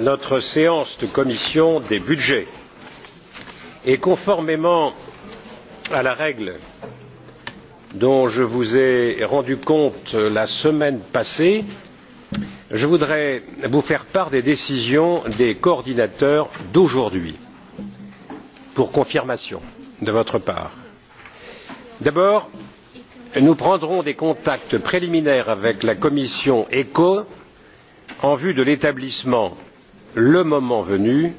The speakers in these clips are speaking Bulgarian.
notre séance de commission des budgets et conformément à la règle dont je vous ai rendu compte la semaine passée je voudrais vous faire part des décisions des coordinateurs d'aujourd'hui pour confirmation de votre part. d'abord nous prendrons des contacts préliminaires avec la commission echo en vue de l'établissement le moment venu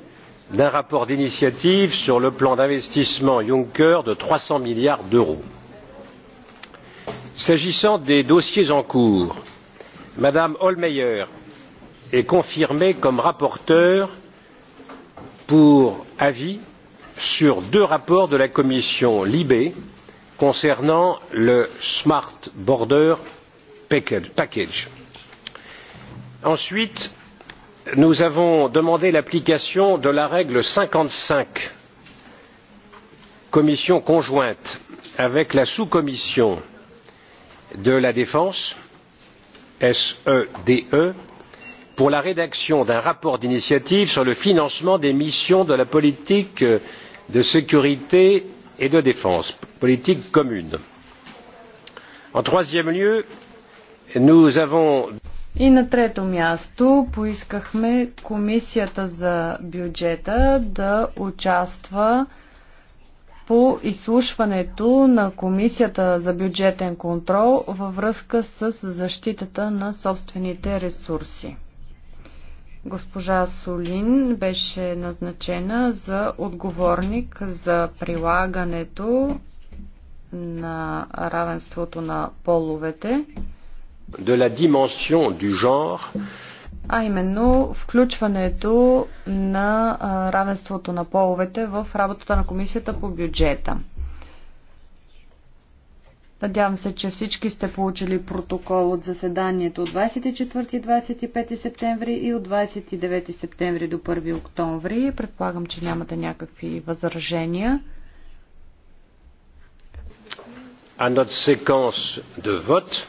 d'un rapport d'initiative sur le plan d'investissement juncker de trois cents milliards d'euros. s'agissant des dossiers en cours mme hohlmeier est confirmée comme rapporteure pour avis sur deux rapports de la commission libe concernant le smart border package. ensuite nous avons demandé l'application de la règle cinquante cinq commission conjointe avec la sous commission de la défense sede pour la rédaction d'un rapport d'initiative sur le financement des missions de la politique de sécurité et de défense politique commune. en troisième lieu nous avons demandé и на трето място поискахме комисията за бюджета да участва по изслушването на комисията за бюджетен контрол във връзка с защитата на собствените ресурси. Госпожа Солин беше назначена за отговорник за прилагането на равенството на половете de la dimension du genre, а именно включването на равенството на половете в работата на комисията по бюджета. Надявам се, че всички сте получили протокол от заседанието от 24 и 25 септември и от 29 септември до 1 октомври. Предполагам, че нямате някакви възражения. А notre séquence de vote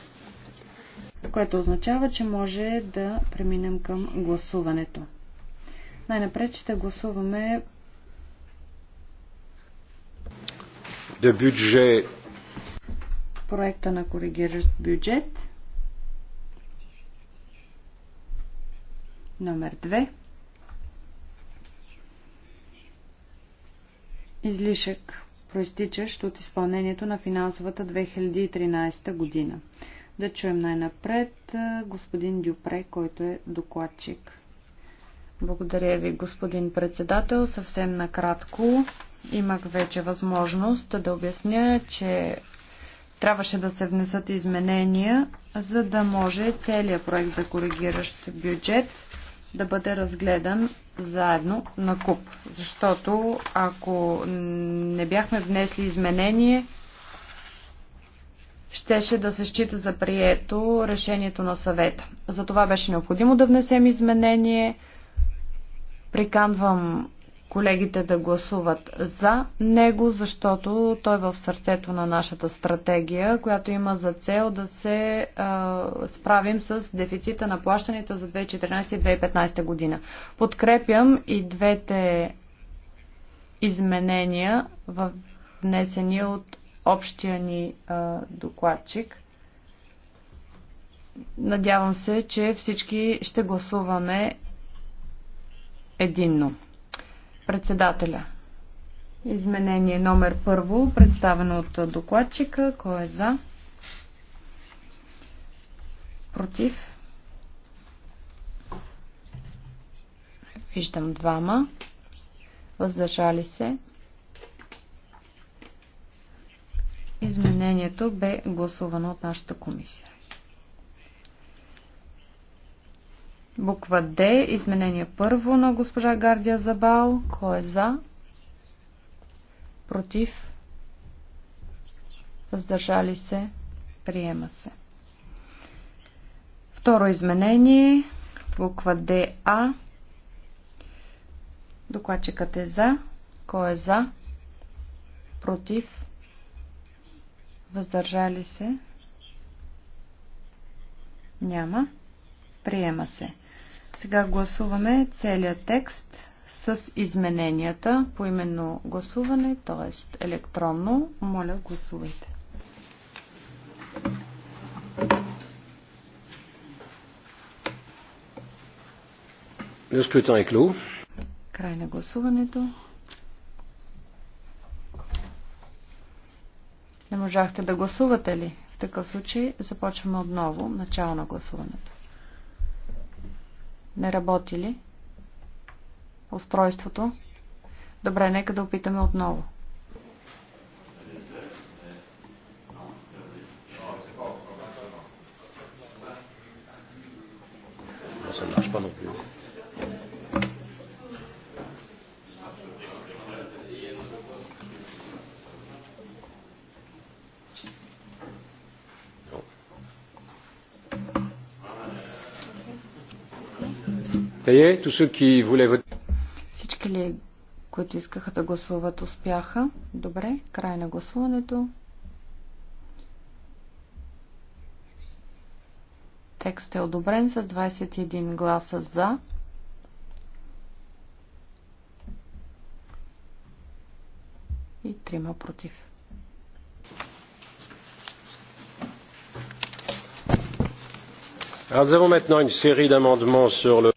което означава, че може да преминем към гласуването. Най-напред ще гласуваме проекта на коригиращ бюджет номер 2 излишък, проистичащ от изпълнението на финансовата 2013 година. Да чуем най-напред господин Дюпре, който е докладчик. Благодаря ви, господин председател. Съвсем накратко имах вече възможност да обясня, че трябваше да се внесат изменения, за да може целият проект за коригиращ бюджет да бъде разгледан заедно на куп. Защото ако не бяхме внесли изменение, щеше да се счита за прието решението на съвета. За това беше необходимо да внесем изменение. Приканвам колегите да гласуват за него, защото той е в сърцето на нашата стратегия, която има за цел да се а, справим с дефицита на плащанията за 2014 и 2015 година. Подкрепям и двете изменения, внесени от общия ни а, докладчик. Надявам се, че всички ще гласуваме единно. Председателя. Изменение номер първо, представено от докладчика. Кой е за? Против? Виждам двама. Въздържали се. Изменението бе гласувано от нашата комисия. Буква Д. Изменение първо на госпожа Гардия Забал. Кой е за? Против? Въздържали се? Приема се. Второ изменение. Буква ДА. Докладчикът е за. Кой е за? Против? Въздържали се? Няма. Приема се. Сега гласуваме целият текст с измененията по именно гласуване, т.е. електронно. Моля, гласувайте. Le scrutin est clos. Край на гласуването. Не можахте да гласувате ли? В такъв случай започваме отново начало на гласуването. Не работи ли устройството? Добре, нека да опитаме отново. Ça ne Всички ли, които искаха да гласуват, успяха? Добре, край на гласуването. Текст е одобрен с 21 гласа за. И трима против. nous avons maintenant une série d'amendements sur le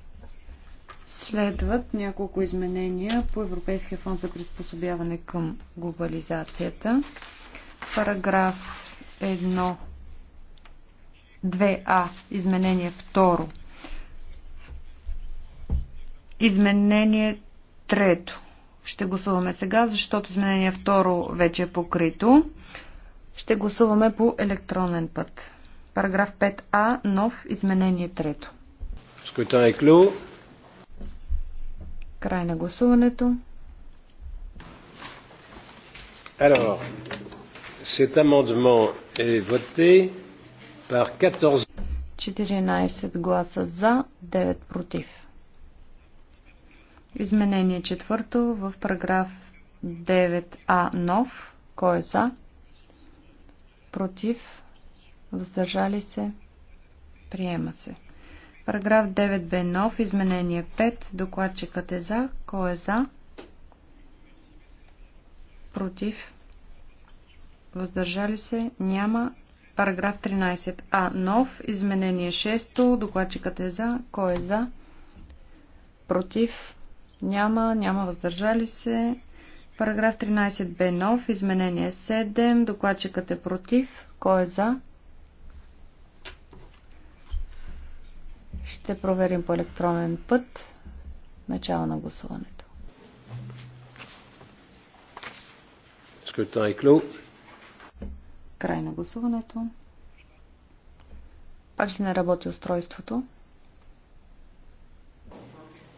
Следват няколко изменения по Европейския фонд за приспособяване към глобализацията. Параграф 1, 2а, изменение 2. Изменение 3. Ще гласуваме сега, защото изменение 2 вече е покрито. Ще гласуваме по електронен път. Параграф 5а, нов, изменение 3. Скрутен клю. Край на гласуването. Alors, cet amendement est voté par 14... 14 гласа за, 9 против. Изменение четвърто в параграф 9а нов. Кой е за? Против? Въздържали се? Приема се. Параграф 9 бе нов. Изменение 5. Докладчикът е за. Кой е за? Против. Въздържали се? Няма. Параграф 13а. Нов. Изменение 6. Докладчикът е за. Кой е за? Против. Няма. Няма. Въздържали се? Параграф 13 бе нов. Изменение 7. Докладчикът е против. Кой е за? Против. Ще проверим по електронен път начало на гласуването. Е Край на гласуването. Пак ще не работи устройството.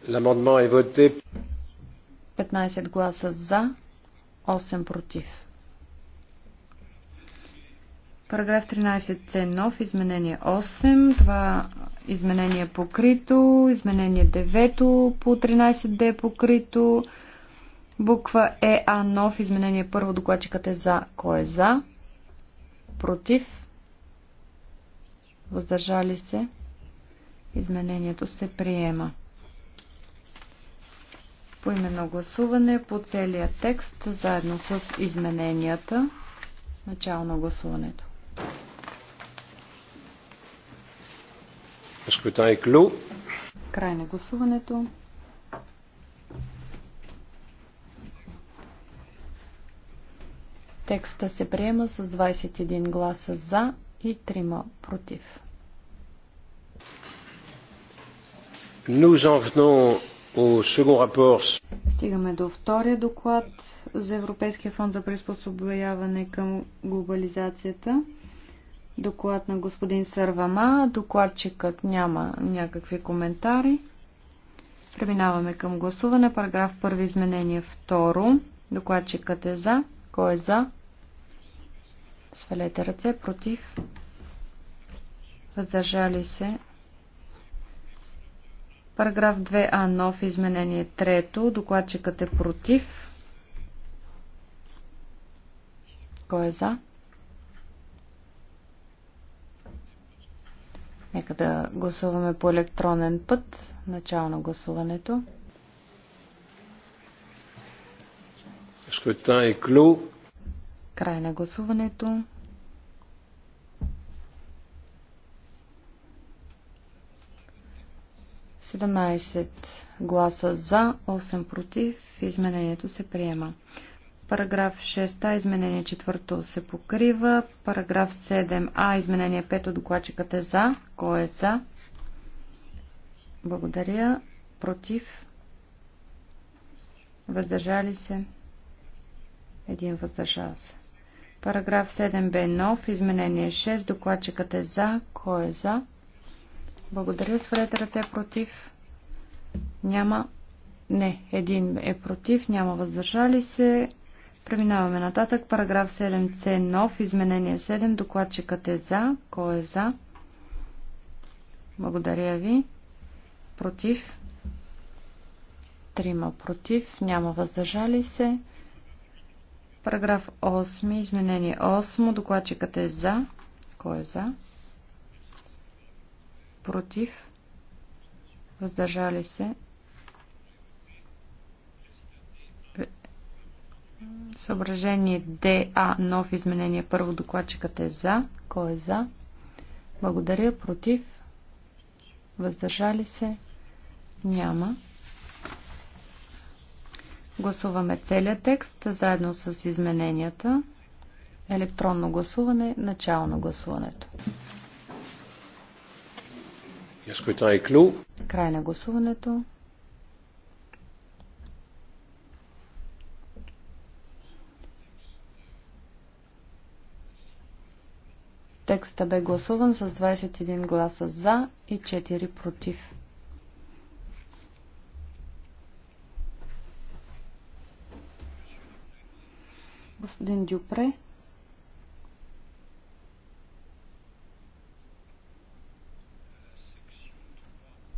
L'amendement е voté. 15 гласа за, 8 против. Параграф 13 е нов, изменение 8. Това Изменение покрито. Изменение 9 по 13D е покрито. Буква ЕА нов. Изменение първо. Докладчикът е за. Кой е за? Против? Въздържали се? Изменението се приема. По именно гласуване по целия текст, заедно с измененията. Начало на гласуването. е клю. Край на гласуването. Текста се приема с 21 гласа за и 3 против. Nous en venons au second rapport. Стигаме до втория доклад за Европейския фонд за приспособяване към глобализацията. Доклад на господин Сървама. Докладчикът няма някакви коментари. Преминаваме към гласуване. Параграф 1. Изменение 2. Докладчикът е за. Кой е за? Свалете ръце. Против. Въздържали се. Параграф 2а. Нов. Изменение 3. Докладчикът е против. Кой е за? Нека да гласуваме по електронен път. Начало на гласуването. е клю. Край на гласуването. Седемнайсет гласа за, 8 против. Изменението се приема. Параграф 6а, изменение 4 се покрива. Параграф 7а, изменение 5 от докладчикът е за. Кой е за? Благодаря. Против? Въздържали се? Един въздържал се. Параграф 7б нов, изменение 6, докладчикът е за. Кой е за? Благодаря. Сварете ръце против. Няма. Не, един е против, няма въздържали се. Преминаваме нататък. Параграф 7c нов. Изменение 7. Докладчикът е за. Кой е за? Благодаря ви. Против. Трима против. Няма въздържали се. Параграф 8. Изменение 8. Докладчикът е за. Кой е за? Против. Въздържали се. Съображение ДА, нов изменение. Първо докладчикът е за. Кой е за? Благодаря. Против? Въздържали се? Няма. Гласуваме целият текст, заедно с измененията. Електронно гласуване, начало на гласуването. Край на гласуването. Текста бе гласуван с 21 гласа за и 4 против. Господин Дюпре.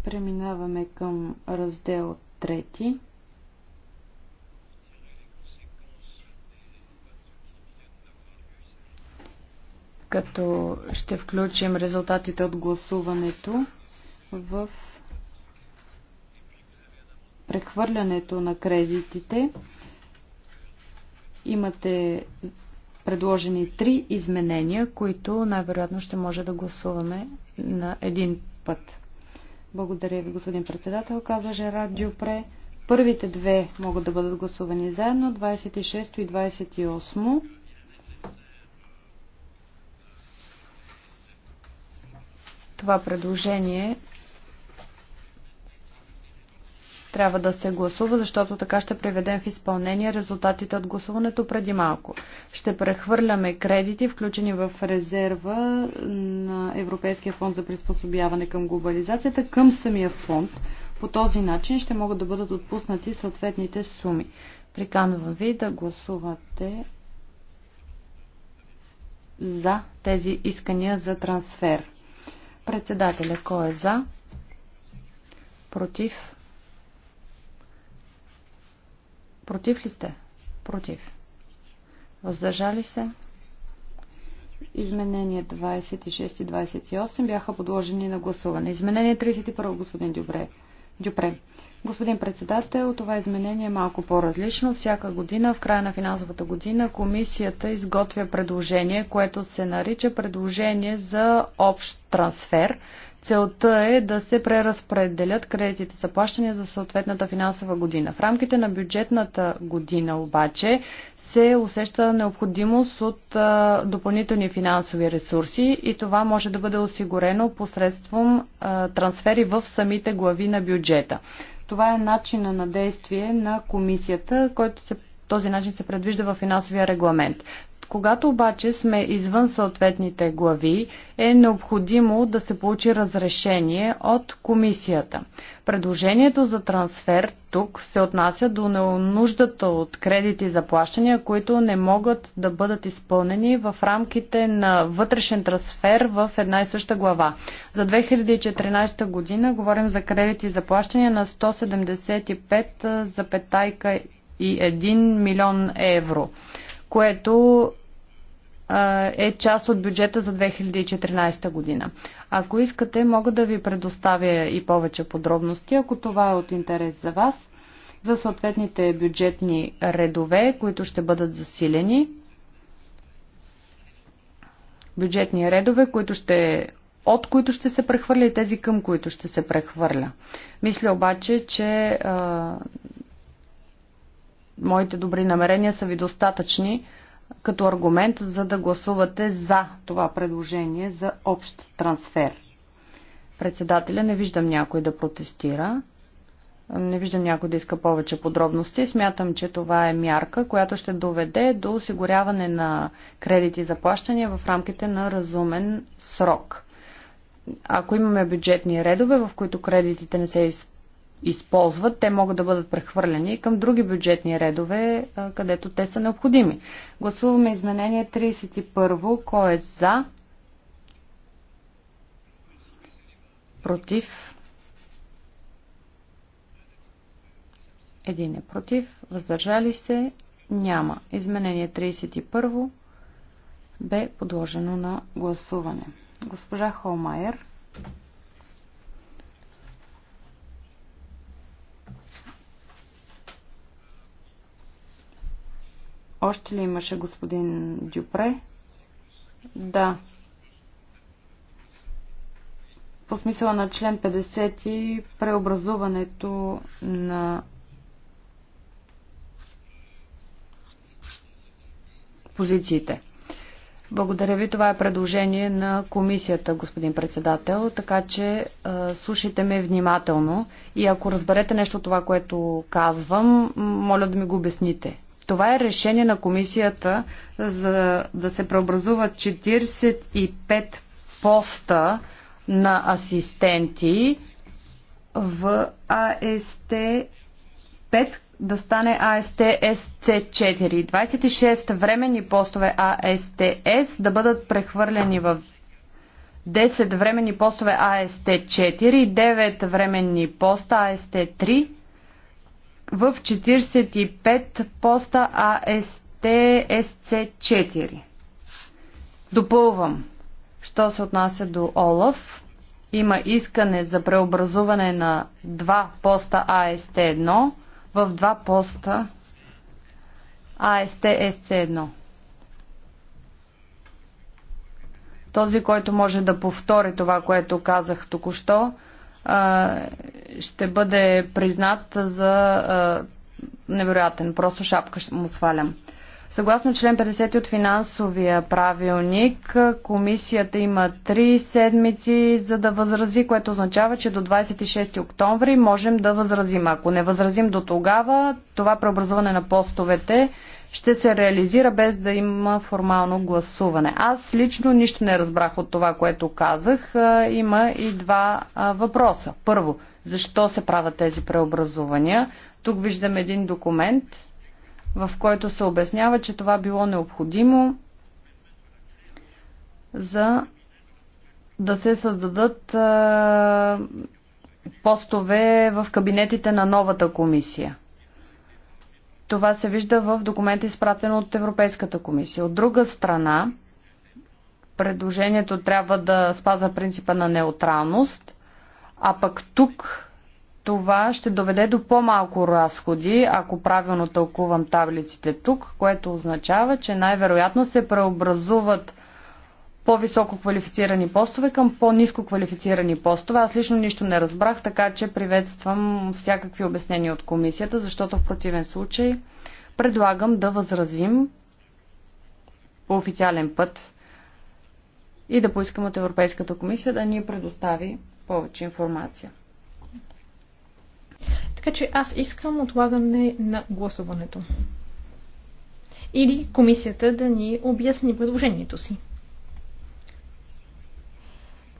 Преминаваме към раздел 3. като ще включим резултатите от гласуването в прехвърлянето на кредитите. Имате предложени три изменения, които най-вероятно ще може да гласуваме на един път. Благодаря ви, господин председател, каза Жерар Дюпре. Първите две могат да бъдат гласувани заедно, 26 и 28. Това предложение трябва да се гласува, защото така ще приведем в изпълнение резултатите от гласуването преди малко. Ще прехвърляме кредити, включени в резерва на Европейския фонд за приспособяване към глобализацията, към самия фонд. По този начин ще могат да бъдат отпуснати съответните суми. Приканвам ви да гласувате за тези искания за трансфер. Председателя, кой е за? Против? Против ли сте? Против. Въздържали се? Изменения 26 и 28 бяха подложени на гласуване. Изменение 31, господин Дюбре. Дюпре. Господин председател, това изменение е малко по-различно. Всяка година, в края на финансовата година, комисията изготвя предложение, което се нарича предложение за общ трансфер. Целта е да се преразпределят кредитите за плащане за съответната финансова година. В рамките на бюджетната година обаче се усеща необходимост от допълнителни финансови ресурси и това може да бъде осигурено посредством трансфери в самите глави на бюджета. Това е начина на действие на комисията, който се този начин се предвижда в финансовия регламент. Когато обаче сме извън съответните глави, е необходимо да се получи разрешение от комисията. Предложението за трансфер тук се отнася до нуждата от кредити за плащания, които не могат да бъдат изпълнени в рамките на вътрешен трансфер в една и съща глава. За 2014 година говорим за кредити за плащания на 175,1 милион евро, което е част от бюджета за 2014 година. Ако искате, мога да ви предоставя и повече подробности, ако това е от интерес за вас, за съответните бюджетни редове, които ще бъдат засилени. Бюджетни редове, които ще от които ще се прехвърля и тези към които ще се прехвърля. Мисля обаче, че а, моите добри намерения са ви достатъчни, като аргумент, за да гласувате за това предложение за общ трансфер. Председателя не виждам някой да протестира. Не виждам някой да иска повече подробности. Смятам, че това е мярка, която ще доведе до осигуряване на кредити за плащания в рамките на разумен срок. Ако имаме бюджетни редове, в които кредитите не се изпълняват, използват, те могат да бъдат прехвърлени към други бюджетни редове, където те са необходими. Гласуваме изменение 31. Кой е за? Против? Един е против. Въздържали се? Няма. Изменение 31 бе подложено на гласуване. Госпожа Холмайер. Още ли имаше господин Дюпре? Да. По смисъла на член 50 преобразуването на позициите. Благодаря ви. Това е предложение на комисията, господин председател, така че е, слушайте ме внимателно и ако разберете нещо това, което казвам, моля да ми го обясните. Това е решение на комисията за да се преобразуват 45 поста на асистенти в АСТ 5 да стане АСТ-СЦ4. 26 временни постове АСТС да бъдат прехвърлени в 10 временни постове АСТ-4 и 9 временни поста АСТ-3 в 45 поста АСТСЦ4. Допълвам. Що се отнася до ОЛАФ, има искане за преобразуване на два поста АСТ1 в два поста АСТСЦ1. Този, който може да повтори това, което казах току-що, ще бъде признат за невероятен. Просто шапка ще му свалям. Съгласно член 50 от финансовия правилник, комисията има 3 седмици за да възрази, което означава, че до 26 октомври можем да възразим. Ако не възразим до тогава, това преобразуване на постовете ще се реализира без да има формално гласуване. Аз лично нищо не разбрах от това, което казах. Има и два въпроса. Първо, защо се правят тези преобразувания? Тук виждам един документ, в който се обяснява, че това било необходимо за да се създадат постове в кабинетите на новата комисия. Това се вижда в документа, изпратен от Европейската комисия. От друга страна, предложението трябва да спазва принципа на неутралност, а пък тук това ще доведе до по-малко разходи, ако правилно тълкувам таблиците тук, което означава, че най-вероятно се преобразуват по-високо квалифицирани постове към по-низко квалифицирани постове. Аз лично нищо не разбрах, така че приветствам всякакви обяснения от комисията, защото в противен случай предлагам да възразим по официален път и да поискам от Европейската комисия да ни предостави повече информация. Така че аз искам отлагане на гласуването. Или комисията да ни обясни предложението си.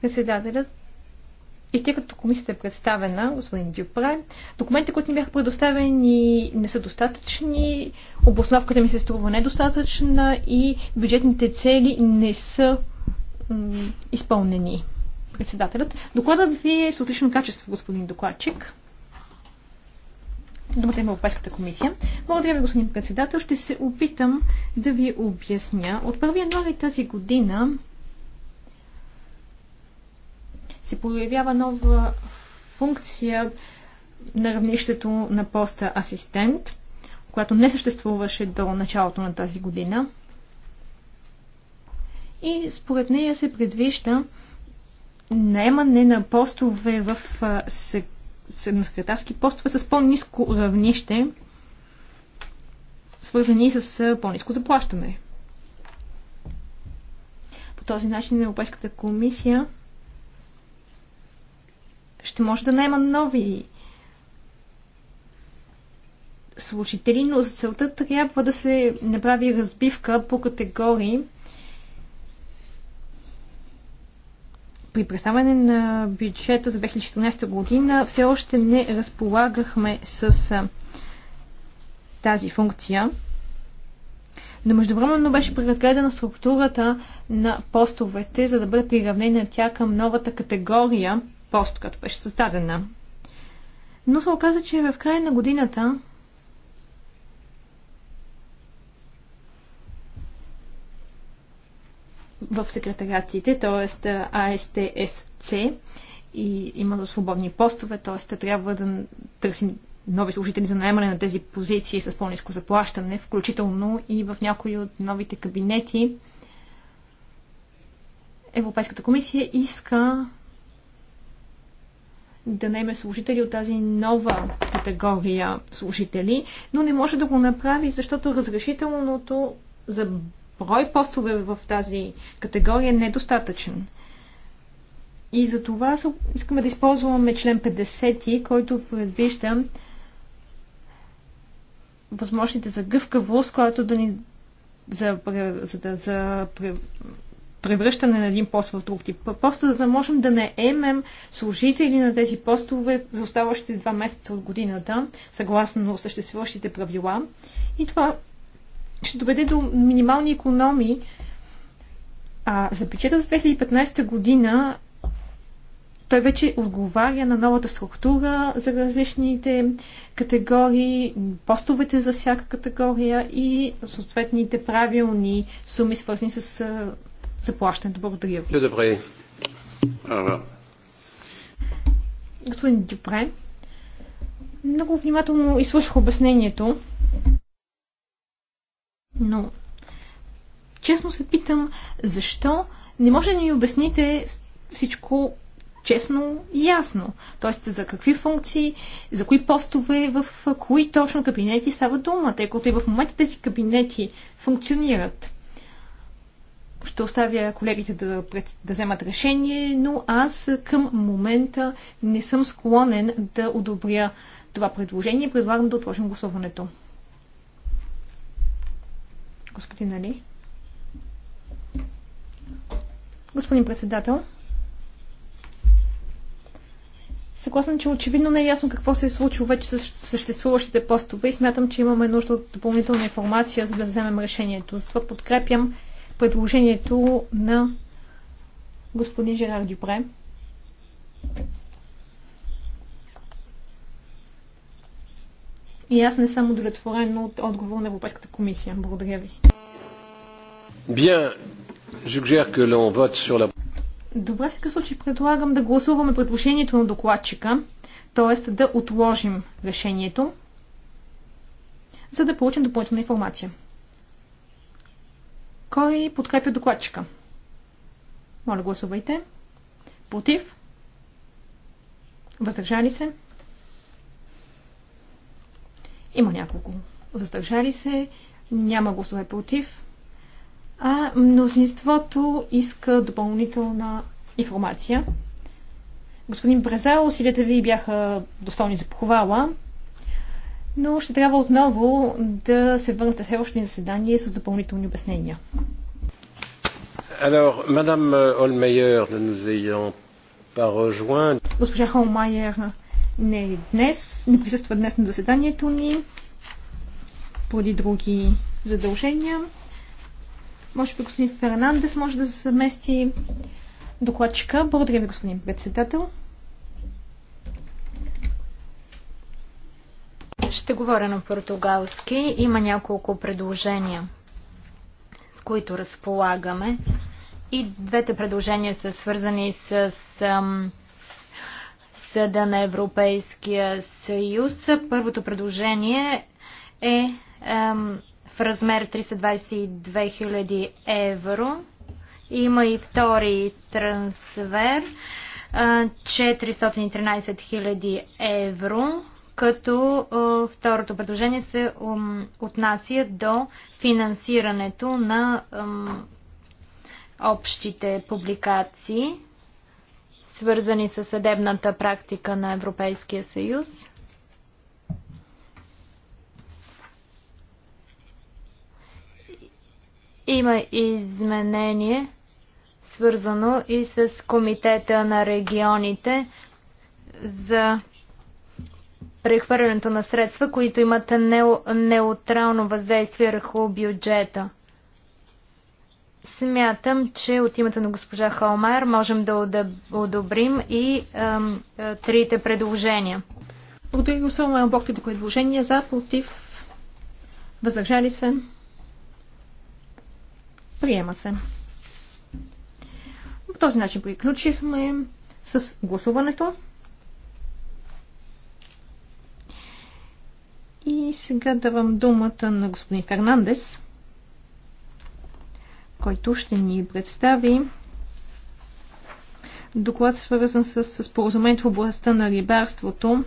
Председателят и тъй като комисията е представена, господин Дюпре, документите, които ни бяха предоставени, не са достатъчни, обосновката ми се струва недостатъчна и бюджетните цели не са изпълнени. Председателят. Докладът ви е с отлично качество, господин докладчик. Думата има Европейската комисия. Благодаря ви, господин председател. Ще се опитам да ви обясня. От 1 януари тази година се появява нова функция на равнището на поста асистент, която не съществуваше до началото на тази година. И според нея се предвижда наемане на постове в секретарски постове с по-низко равнище, свързани с по-низко заплащане. По този начин Европейската комисия ще може да найма нови служители, но за целта трябва да се направи разбивка по категории. При представяне на бюджета за 2014 година все още не разполагахме с тази функция. Но междувременно беше преразгледана структурата на постовете, за да бъде приравнена тя към новата категория пост, като беше създадена. Но се оказа, че в края на годината в секретариатите, т.е. АСТСЦ и има свободни постове, т.е. трябва да търсим нови служители за наемане на тези позиции с по-низко заплащане, включително и в някои от новите кабинети. Европейската комисия иска да найме служители от тази нова категория служители, но не може да го направи, защото разрешителното за брой постове в тази категория е недостатъчен. И за това искаме да използваме член 50, който предвижда възможните за гъвкавост, която да ни за, за, за, за превръщане на един пост в друг тип пост, за да можем да не емем служители на тези постове за оставащите два месеца от годината, съгласно съществуващите правила. И това ще доведе до минимални економии. А за бюджета за 2015 година той вече отговаря на новата структура за различните категории, постовете за всяка категория и съответните правилни суми, свързани с заплащането. Благодаря ви. Добре. Господин Дюпре, много внимателно изслушах обяснението, но честно се питам, защо не може да ни обясните всичко честно и ясно. Тоест за какви функции, за кои постове, в кои точно кабинети става дума, тъй като и в момента тези кабинети функционират ще оставя колегите да, да вземат решение, но аз към момента не съм склонен да одобря това предложение. Предлагам да отложим гласуването. Господин Али. Господин председател. Съгласна, че очевидно не е ясно какво се е случило вече с съществуващите постове и смятам, че имаме нужда от допълнителна информация, за да вземем решението. Затова подкрепям предложението на господин Жерар Дюпре. И аз не съм удовлетворен от отговор на Европейската комисия. Благодаря ви. Bien, que vote sur la... Добре, в такъв случай предлагам да гласуваме предложението на докладчика, т.е. да отложим решението, за да получим допълнителна информация. Кой подкрепя докладчика? Моля, гласувайте. Против? Въздържали се? Има няколко. Въздържали се, няма гласове против, а мнозинството иска допълнителна информация. Господин Брезал, усилията ви бяха достойни за похвала но ще трябва отново да се върнете все още на заседание с допълнителни обяснения. Alors, Madame Holmeyer, ne nous ayant pas rejoint... Госпожа Холмайер не е днес, не присъства днес на заседанието ни поради други задължения. Може би господин Фернандес може да замести докладчика. Благодаря ви, господин председател. Ще говоря на португалски. Има няколко предложения, с които разполагаме. И двете предложения са свързани с Съда на Европейския съюз. Първото предложение е в размер 322 000 евро. Има и втори трансфер 413 000 евро, като второто предложение се отнася до финансирането на общите публикации, свързани с съдебната практика на Европейския съюз. Има изменение, свързано и с Комитета на регионите за прехвърлянето на средства, които имат неутрално въздействие върху бюджета. Смятам, че от името на госпожа Холмайер можем да одобрим и ем, трите предложения. Благодаря ви особено на Бог, предложения за, против, въздържали се. Приема се. По този начин приключихме с гласуването. И сега давам думата на господин Фернандес, който ще ни представи доклад свързан с споразумението в областта на рибарството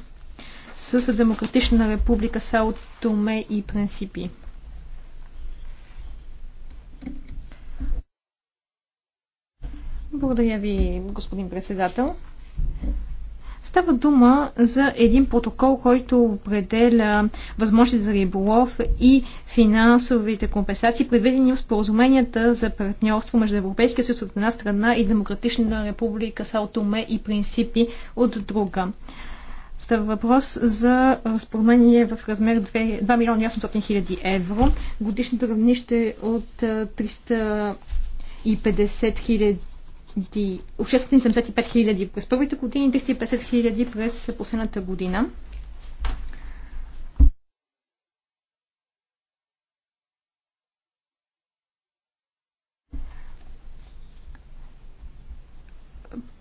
с Демократична република Сао Томе и Принципи. Благодаря ви, господин председател. Става дума за един протокол, който определя възможности за риболов и финансовите компенсации, предвидени в споразуменията за партньорство между Европейския съюз от една страна и Демократична република Саотоме и принципи от друга. Става въпрос за споразумение в размер 2, 2 милиона 800 хиляди евро, годишното равнище е от 350 хиляди 675 хиляди през първите години, 350 хиляди през последната година.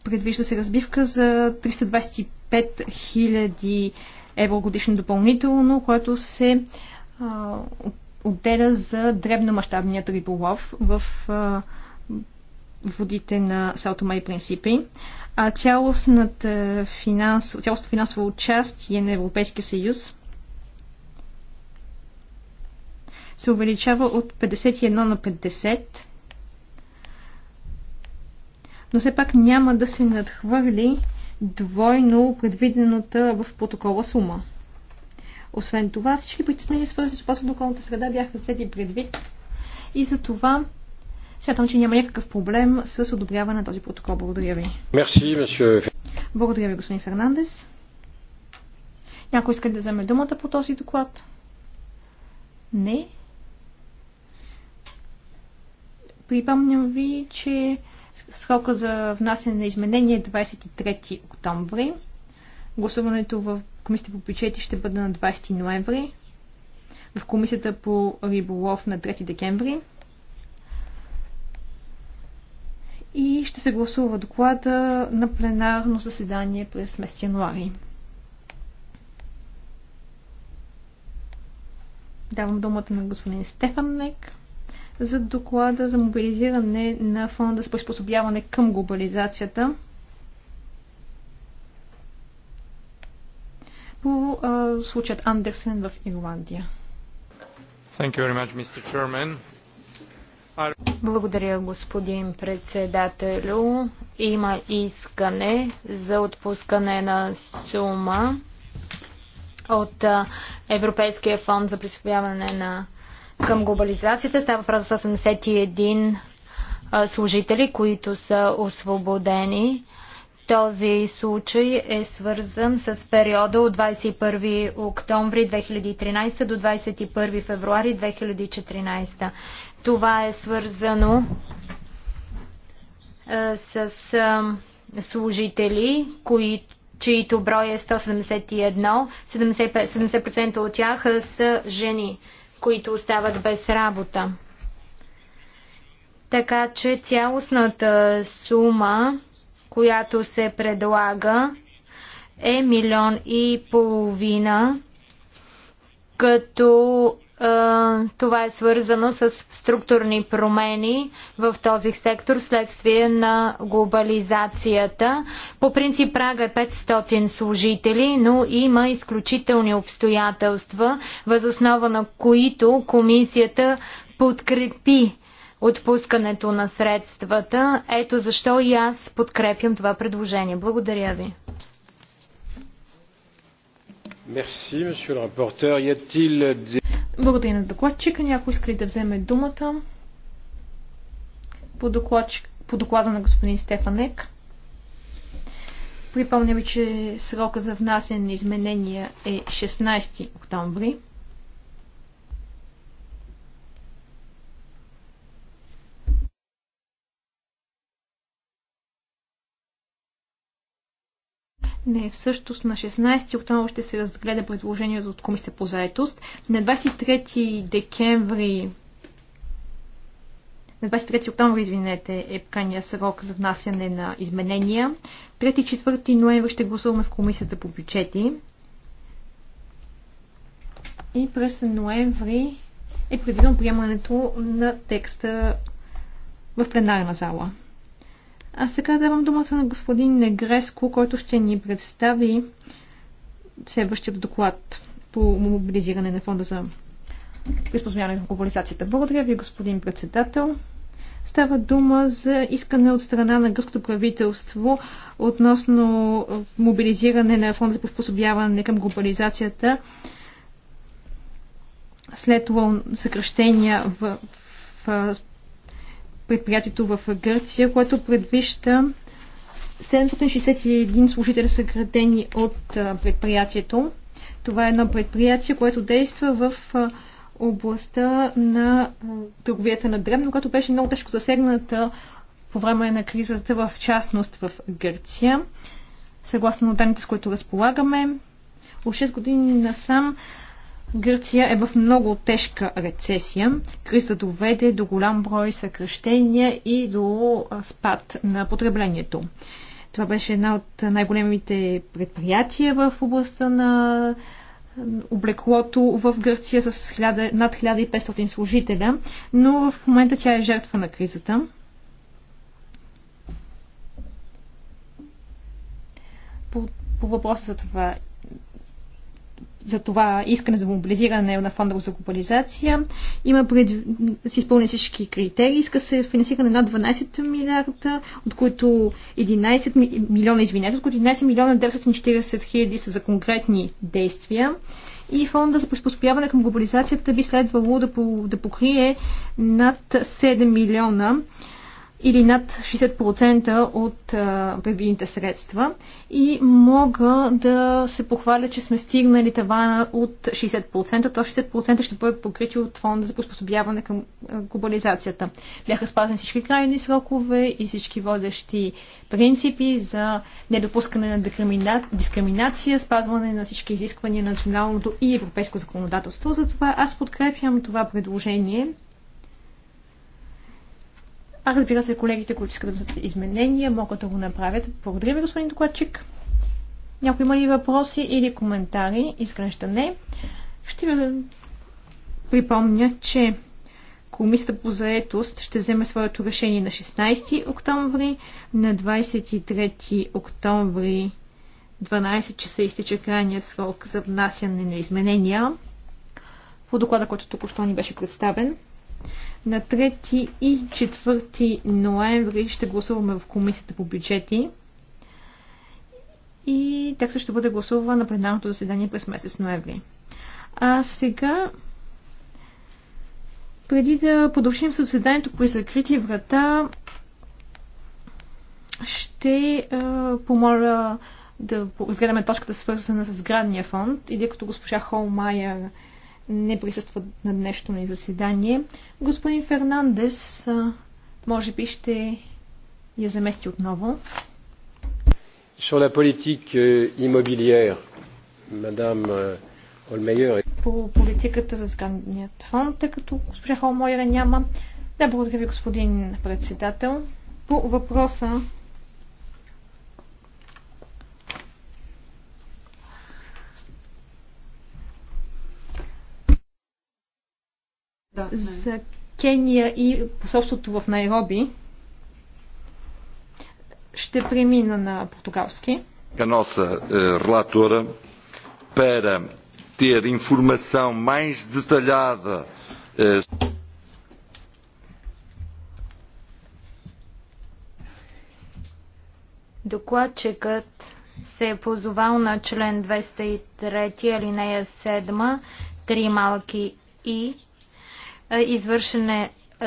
Предвижда се разбивка за 325 000 евро годишно допълнително, което се а, отделя за дребномащабният риболов в а, водите на Салтома и Принципи, а цялостната финансово, цялостно финансово участие на Европейския съюз се увеличава от 51 на 50, но все пак няма да се надхвърли двойно предвидената в протокола сума. Освен това, всички притеснения, свързани с опазването на околната среда, бяха взети предвид и за това Смятам, че няма някакъв проблем с одобряване на този протокол. Благодаря ви. Мерси, Благодаря ви, господин Фернандес. Някой иска да вземе думата по този доклад? Не. Припомням ви, че срока за внасяне на изменение е 23 октомври. Гласуването в Комисията по бюджети ще бъде на 20 ноември. В Комисията по риболов на 3 декември. и ще се гласува доклада на пленарно заседание през месец януари. Давам думата на господин Нек за доклада за мобилизиране на фонда с приспособяване към глобализацията. По случаят Андерсен в Ирландия. Thank you very much, Mr. Chairman. Благодаря, господин председателю. Има искане за отпускане на сума от Европейския фонд за присъединяване на към глобализацията. Става въпрос за 81 служители, които са освободени този случай е свързан с периода от 21 октомври 2013 до 21 февруари 2014. Това е свързано с служители, които чието брой е 171, 70%, 70% от тях са жени, които остават без работа. Така че цялостната сума която се предлага, е милион и половина, като е, това е свързано с структурни промени в този сектор следствие на глобализацията. По принцип прага е 500 служители, но има изключителни обстоятелства, възоснова на които комисията подкрепи отпускането на средствата. Ето защо и аз подкрепям това предложение. Благодаря ви. Благодаря на докладчика. Някой иска да вземе думата по, доклад, по доклада на господин Стефанек? Припомня ви, че срока за внасяне на изменения е 16 октомври. Не, всъщност на 16 октомври ще се разгледа предложението от комисията по заетост. На 23 декември на 23 октомври, извинете, е крайния срок за внасяне на изменения. 3-4 ноември ще гласуваме в комисията по бюджети. И през ноември е предвидено приемането на текста в пленарна зала. А сега давам думата на господин Негреско, който ще ни представи следващият доклад по мобилизиране на фонда за приспособяване на глобализацията. Благодаря ви, господин председател. Става дума за искане от страна на гръцкото правителство относно мобилизиране на фонда за приспособяване към глобализацията след съкръщения в, в предприятието в Гърция, което предвижда 761 служители са градени от предприятието. Това е едно предприятие, което действа в областта на търговията на древно, което беше много тежко засегната по време на кризата, в частност в Гърция. Съгласно данните, с които разполагаме, от 6 години насам Гърция е в много тежка рецесия. Криза доведе до голям брой съкръщения и до спад на потреблението. Това беше една от най-големите предприятия в областта на облеклото в Гърция с над 1500 служителя, но в момента тя е жертва на кризата. По, по въпроса за това за това искане за мобилизиране на фонда за глобализация. Има пред... се изпълни всички критерии. Иска се финансиране на 12 милиарда, от които 11 милиона, извинете, от които 11 милиона 940 хиляди са за конкретни действия. И фонда за приспособяване към глобализацията би следвало да, по... да покрие над 7 милиона или над 60% от предвидените средства и мога да се похваля, че сме стигнали тавана от 60%. То 60% ще бъде покрити от фонда за приспособяване към глобализацията. Бяха спазени всички крайни срокове и всички водещи принципи за недопускане на дискриминация, спазване на всички изисквания на националното и европейско законодателство. Затова аз подкрепям това предложение а разбира се, колегите, които искат да вземат изменения, могат да го направят. Благодаря ви, господин докладчик. Някой има ли въпроси или коментари? Изглежда не. Ще ви припомня, че Комисията по заетост ще вземе своето решение на 16 октомври, на 23 октомври 12 часа изтича крайния срок за внасяне на изменения по доклада, който току-що ни беше представен. На 3 и 4 ноември ще гласуваме в комисията по бюджети и текстът ще бъде гласуван на пленарното заседание през месец ноември. А сега, преди да продължим със заседанието при закрити врата, ще е, помоля да разгледаме точката свързана с градния фонд и тъй като госпожа Холмайер не присъства на днешното ни заседание. Господин Фернандес може би ще я замести отново. Sur la politique euh, immobilière, madame euh, Holmeyer. По политиката за сградният фонд, тъй като госпожа Холмойера няма. Да, благодаря ви, господин председател. По въпроса за Кения и посолството в Найроби. Ще премина на португалски. A nossa eh, relatora para ter informação mais detalhada eh, Докладчикът се е позовал на член 203 алинея 7, три малки и е, извършене е,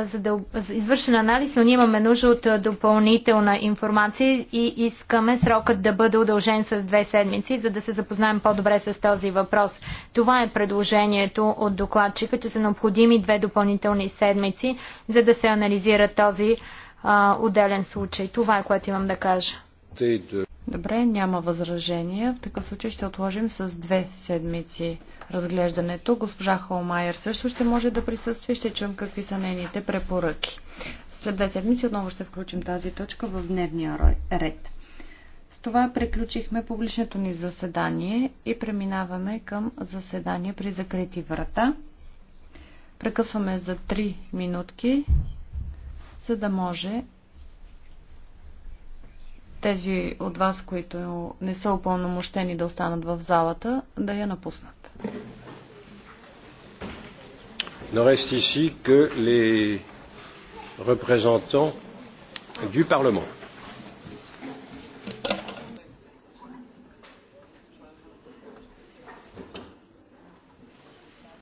извършен анализ, но ние имаме нужда от е, допълнителна информация и искаме срокът да бъде удължен с две седмици, за да се запознаем по-добре с този въпрос. Това е предложението от докладчика, че са необходими две допълнителни седмици, за да се анализира този а, отделен случай. Това е което имам да кажа. Добре, няма възражения. В такъв случай ще отложим с две седмици разглеждането. Госпожа Холмайер също ще може да присъства и ще чуем какви са нейните препоръки. След две седмици отново ще включим тази точка в дневния ред. С това приключихме публичното ни заседание и преминаваме към заседание при закрити врата. Прекъсваме за 3 минутки, за да може тези от вас, които не са упълномощени да останат в залата, да я напуснат. Не reste ici que les représentants du Parlement.